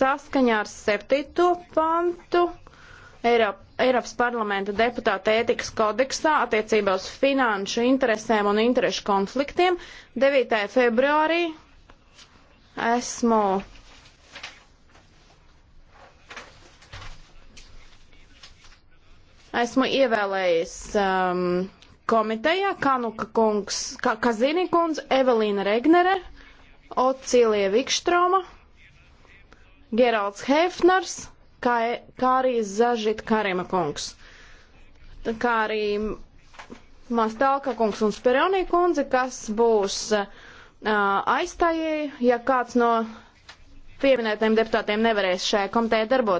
Saskaņā ar 7. pantu Eiropa, Eiropas parlamenta deputāta ētikas kodeksā attiecībā uz finanšu interesēm un interešu konfliktiem 9. februārī esmu esmu ievēlējis um, komitejā Kanuka kungs, Ka Kazini kungs, Evelīna Regnere, Ocīlie Vikštroma. Geralds Hefners, kā, kā arī Zažit Karima kungs. Tā kā arī Mastalka kungs un Speronī kundze, kas būs uh, aizstājēji, ja kāds no pieminētiem deputātiem nevarēs šajā komitē darboties.